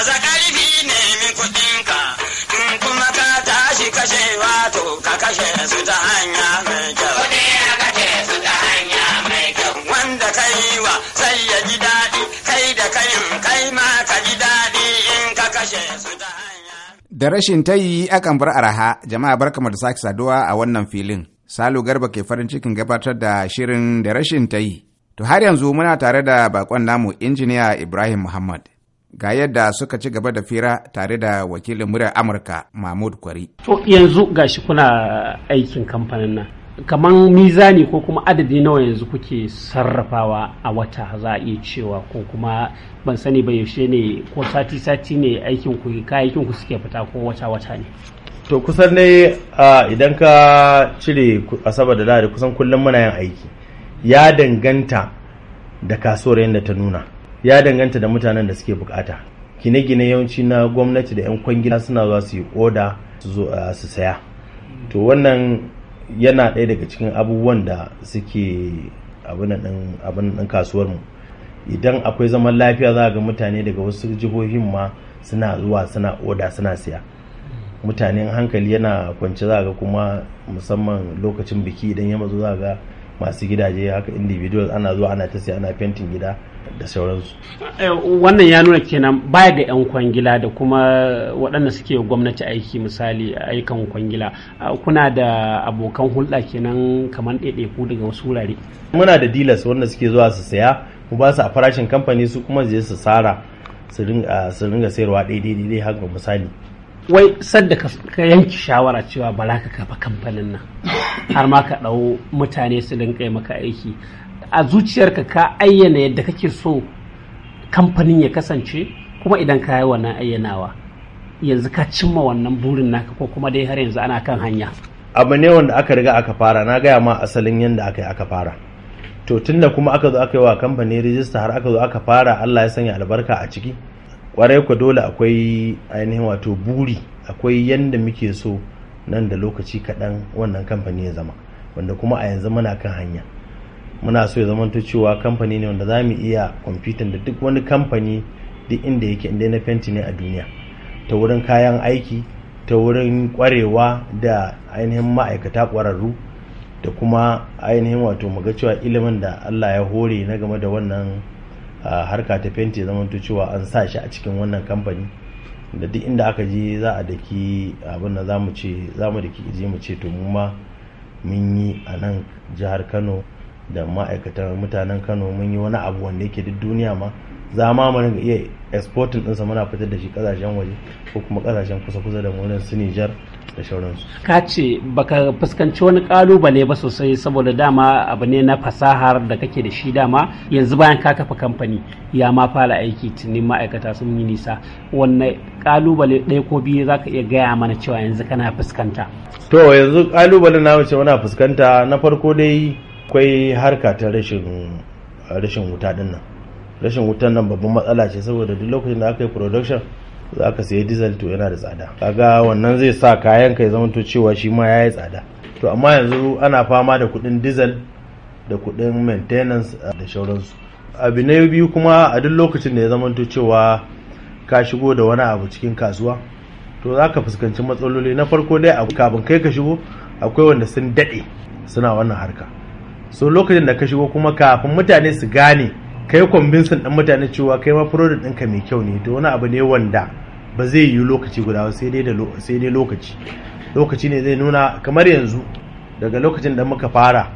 Baza ƙarfi ne min kuɗinka, in kuma ka tashi kashe wato ka kashe su ta hanya mai kyau. Kuɗi ya kashe su ta hanya mai kyau. Wanda ka yi wa sai ya ji daɗi, kai da kayin kai ma ka ji daɗi in ka kashe su ta hanya. Da rashin tayi akan bar araha, jama'a kamar da sake saduwa a wannan filin. Salu Garba ke farin cikin gabatar da shirin da rashin tayi. To har yanzu muna tare da bakon namu injiniya Ibrahim Muhammad. ga yadda suka ci gaba da fira tare da wakilin muryar amurka mahmud kwari to yanzu gashi kuna aikin kamfanin nan kamar mizani ko kuma adadi nawa yanzu kuke sarrafawa a wata za a iya cewa ko kuma ban sani ba yaushe ne ko sati sati ne aikin ku kayayyakin ku suke fita ko wata wata ne to kusan ne idan ka cire asabar da lahadi kusan kullum muna yin aiki ya danganta da kasuwar yadda ta nuna ya danganta da mutanen da suke bukata gine-gine yawanci na gwamnati da 'yan kwangila suna zuwa su yi oda su saya to wannan yana ɗaya daga cikin abubuwan da suke abin ɗin mu idan akwai zaman lafiya za ga mutane daga wasu jihohin ma suna zuwa suna oda suna siya mutanen hankali yana kwance za ga kuma musamman lokacin biki idan ya mazu za ga masu gidaje haka individuals ana zuwa ana ta siya ana fentin gida da sauransu eh, wannan ya nuna kenan baya da 'yan kwangila da kuma waɗanda suke gwamnati aiki misali aikan kwangila kuna da abokan hulɗa kenan kamar ɗaiɗaiku daga wasu wurare muna da dealers wanda suke zuwa su saya mu ba su a farashin kamfani su kuma je su tsara su ringa sayarwa daidai daidai haka misali wai sadda ka yanki shawara cewa ba ka kafa kamfanin nan har ma ka ɗau mutane su rinka maka aiki a zuciyarka ka ayyana yadda kake so kamfanin ya kasance kuma idan ka yi wannan ayyanawa yanzu ka cimma wannan burin naka ko kuma dai har yanzu ana kan hanya abu ne wanda aka riga aka fara na gaya ma asalin yadda aka yi aka fara to tunda kuma aka zo aka yi wa kamfani rijista har aka zo aka fara allah ya sanya albarka a ciki kwarai ku dole akwai ainihin wato buri akwai yadda muke so nan da lokaci kaɗan wannan kamfanin ya zama wanda kuma a yanzu muna kan hanya muna so ya zamanto cewa kamfani ne wanda za mu iya kwamfitan da duk wani kamfani duk inda yake inda na fenti ne a duniya ta wurin kayan aiki ta wurin kwarewa da ainihin ma'aikata kwararru da kuma ainihin wato muga cewa ilimin da allah ya hore na game da wannan harka ta fenti ya ta cewa an sa shi a cikin wannan kamfani da duk inda aka je za a daki abin da za mu ce za mu daki je mu ce to ma mun yi a nan jihar kano da ma'aikatan mutanen kano mun yi wani abu wanda yake duk duniya ma za ma mu iya exporting ɗinsa muna fitar da shi kasashen waje ko kuma kasashen kusa-kusa da wurin su Nijar da sauransu. Ka ce baka fuskanci wani kalubale ba sosai saboda dama abu ne na fasahar da kake da shi dama yanzu bayan ka kafa kamfani ya ma fara aiki tunin ma'aikata sun yi nisa wanne kalubale ɗaya ko biyu zaka iya gaya mana cewa yanzu kana fuskanta. To yanzu kalubalen na wuce muna fuskanta na farko dai akwai harka ta rashin wuta din nan rashin wutan nan babban matsala ce saboda duk lokacin da aka yi production za ka sayi diesel to yana da tsada kaga wannan zai sa kayan kai ya to cewa shi ma yayi tsada to amma yanzu ana fama da kuɗin diesel da kuɗin maintenance eh, da shauransu abu na biyu kuma a duk lokacin da ya zamanto cewa ka shigo da wani abu cikin kasuwa to za ka fuskanci matsaloli na farko dai kafin kai ka shigo akwai wanda sun daɗe suna wannan harka so lokacin da ka shigo kuma kafin mutane su gane kai sun dan mutane cewa kai ma product ɗinka mai kyau ne to wani abu ne wanda ba zai yi lokaci guda ba sai dai lokaci lokaci ne zai nuna kamar yanzu daga lokacin da muka fara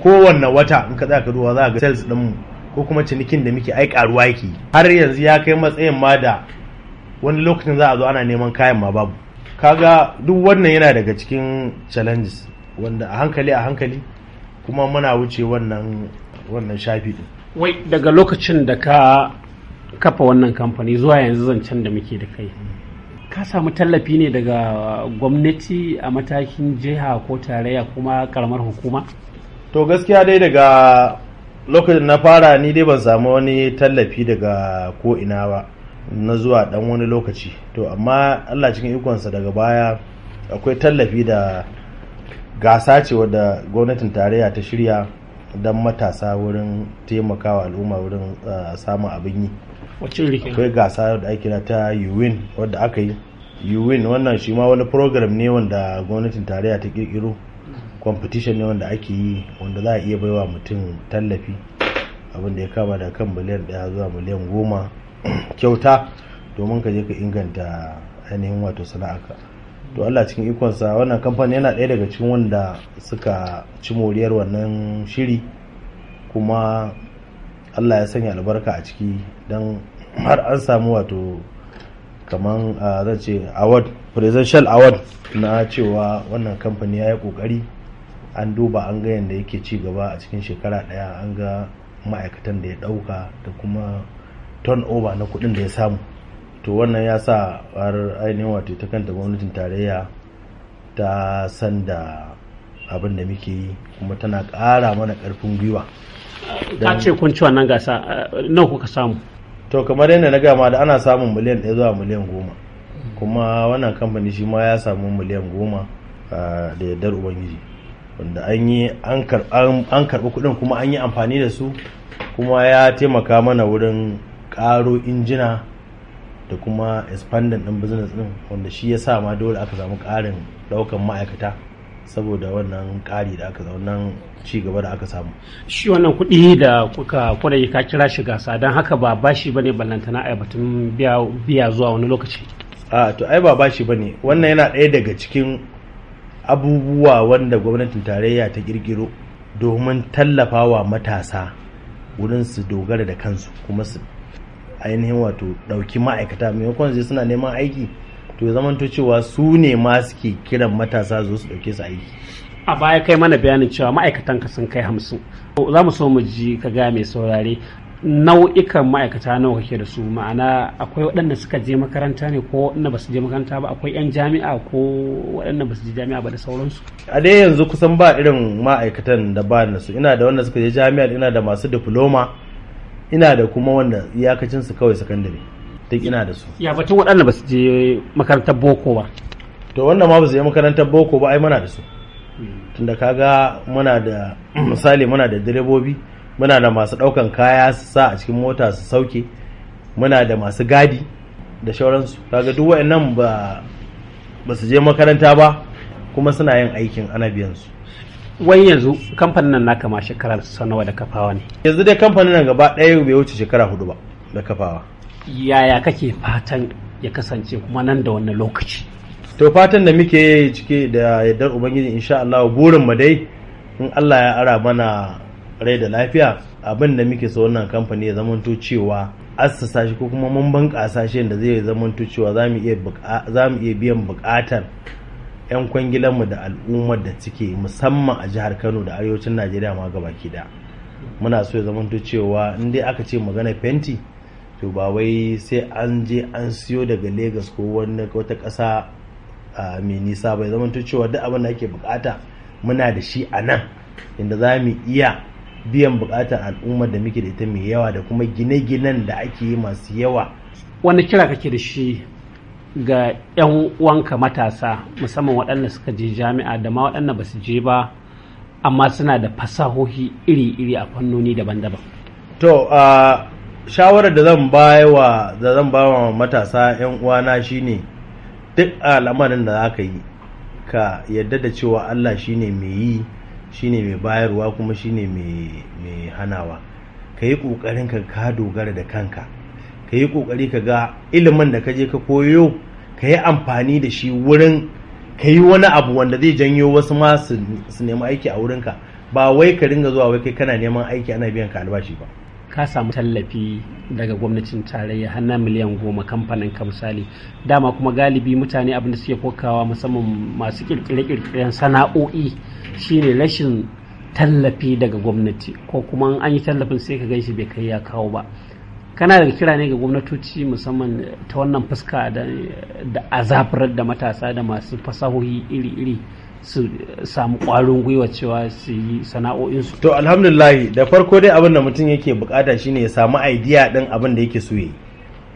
kowanne wata in ka za ka duba za ga sales mu ko kuma cinikin da muke ai karuwa yake har yanzu ya kai matsayin ma da wani lokacin za a zo ana neman kayan ma babu kaga duk wannan yana daga cikin challenges wanda a hankali a hankali kuma muna wuce wannan shafi din wai daga lokacin da ka kafa wannan kamfani zuwa yanzu zancen da muke da kai ka samu tallafi ne daga gwamnati a matakin jiha ko tarayya kuma karamar hukuma to gaskiya dai daga lokacin na fara ni dai ban samu wani tallafi daga ko ina ba na zuwa dan wani lokaci to amma allah cikin ikonsa daga baya akwai tallafi da gasa ce wadda gwamnatin tarayya ta shirya don matasa wurin taimakawa al'umma wurin eh, samun abin yi akwai gasa da ake ta uwin wadda aka yi uwin wannan shi ma wani program ne wanda gwamnatin tarayya ta kirkiro competition ne wanda ake yi wanda za a iya baiwa mutum tallafi abin da ya kama da kan miliyan daya zuwa miliyan goma kyauta domin ka je ka inganta ainihin wato sana'a. to Allah cikin ikonsa wannan kamfani yana ɗaya daga cikin wanda suka ci moriyar wannan shiri kuma Allah ya sanya albarka a ciki don har an samu wato kaman zan ce award presidential award na cewa wannan kamfani ya yi kokari an duba an ga yadda yake ci gaba a cikin shekara ɗaya an ga ma'aikatan da ya ɗauka da kuma turnover na kuɗin da ya samu to wannan ya sa har ainihin wato ta kanta gwamnatin tarayya ta san da abin da muke yi kuma tana ƙara mana ƙarfin gwiwa ta ce kun ci wannan gasa eh, nan kuka samu to kamar yadda na gama da ana samun miliyan ɗaya zuwa miliyan goma kuma wannan kamfani shi ma ya samu miliyan goma eh, da yardar ubangiji wanda an yi an karɓi kuɗin kuma an yi amfani da su kuma ya taimaka mana wurin ƙaro injina da kuma expanding din business din wanda shi ya sa ma dole aka samu karin ɗaukan ma'aikata saboda wannan kari da aka wannan ci gaba da aka samu shi wannan kuɗi da kuka kwarai ka kira shi gasa don haka ba bashi bane ballantana a batun biya zuwa wani lokaci a to ai ba bashi bane wannan yana ɗaya daga cikin abubuwa wanda gwamnatin tarayya ta kirkiro domin tallafawa matasa wurin su dogara da kansu kuma su ainihin wato ɗauki ma'aikata maimakon zai suna neman aiki to ya zamanto cewa su ne ma suke kiran matasa zo su ɗauke su aiki a baya kai mana bayanin cewa ma'aikatan ka sun kai hamsin za mu so mu ji ka ga mai saurare nau'ikan ma'aikata nawa kake da su ma'ana akwai waɗanda suka je makaranta ne ko waɗanda ba su je makaranta ba akwai 'yan jami'a ko waɗanda ba su je jami'a ba da sauransu a dai yanzu kusan ba irin ma'aikatan da ba na su ina da wanda suka je jami'a ina da masu diploma ina da kuma wanda iyakacin su kawai sakandare duk ina da su ya batun waɗanda ba su je makarantar boko ba to wannan ma ba su je makarantar boko ba ai muna da su tunda kaga muna da misali muna da direbobi muna da masu ɗaukan kaya su sa a cikin mota su sauke muna da masu gadi da shauransu kaga duk waɗannan ba ba su je makaranta ba kuma suna yin aikin ana biyan su wai yanzu kamfanin nan naka ma shekarar nawa da kafawa ne yanzu dai kamfanin nan gaba ɗaya bai wuce shekara hudu ba da kafawa yaya kake fatan ya kasance kuma nan da wannan lokaci to fatan da muke cike da yardar ubangiji insha Allah burin mu dai in Allah ya ara mana rai da lafiya abin da muke so wannan kamfani ya zamanto cewa assasa shi ko kuma mun bunƙasa shi da zai zamanto cewa za mu iya biyan buƙatar 'yan kwangilanmu da al'ummar da suke musamman a jihar kano da arewacin najeriya ma gaba da muna so ya zamanto cewa in aka ce magana fenti to ba wai sai an je an siyo daga lagos ko wani wata ƙasa mai nisa bai zamanto cewa duk abin da ake bukata muna da shi a nan inda za mu iya biyan bukatar al'ummar da muke da ita mai yawa da kuma gine-ginen da ake yi masu yawa wani kira kake da shi ga 'yan uwanka matasa musamman waɗanda suka je jami'a da ma waɗanda ba su je ba amma suna da fasahohi iri-iri a fannoni daban-daban to a shawarar da zan bayawa da zan bawa matasa 'yan uwana shine duk al'amarin da za ka yi ka yadda da cewa allah shine mai yi shine mai bayarwa kuma shine mai hanawa ka yi ƙoƙarin ka ka dogara da kanka ka yi ƙoƙari ka ga ilimin da ka je ka koyo ka yi amfani da shi wurin ka yi wani abu wanda zai janyo wasu ma su nemi aiki a wurinka ba wai ka ringa zuwa wai kai kana neman aiki ana biyan ka albashi ba ka samu tallafi daga gwamnatin tarayya har miliyan goma kamfanin ka misali dama kuma galibi mutane abin da suke kokawa musamman masu kirkire-kirkiren sana'o'i shine rashin tallafi daga gwamnati ko kuma an yi tallafin sai ka gaishe bai kai ya kawo ba kana da kira ne ga gwamnatoci musamman ta wannan fuska da azabar da matasa da masu fasahohi iri-iri su samu ƙwarin gwiwa cewa su yi sana'o'insu to alhamdulillahi da farko dai abin da mutum yake bukata shine ya samu idea din abin da yake so yi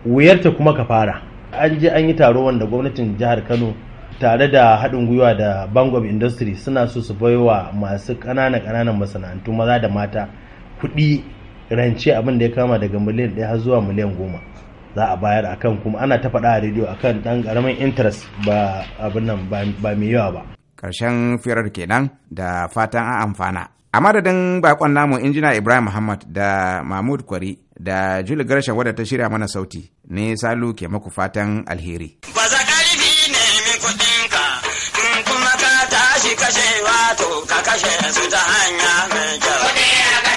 wuyarta kuma ka fara an je an yi taro wanda gwamnatin jihar kano tare da haɗin gwiwa da bank of industry suna so su baiwa masu ƙanana ƙananan masana'antu maza da mata kuɗi rance abin da ya kama daga miliyan ɗaya zuwa miliyan goma za a bayar akan kuma ana ta faɗa a rediyo akan ɗan ƙaramin interest ba abin nan ba mai yawa ba ƙarshen firar kenan da fatan a amfana a madadin bakon namu injina ibrahim muhammad da mahmud kwari da juli garshen wadda ta shirya mana sauti ne salu ke maku fatan alheri kashewa to ka kashe su ta hanya mai kyau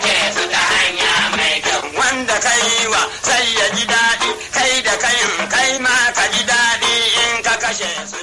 yiwa sai ya ji daɗi kai da kayin kai ma ka ji daɗi in ka kashe su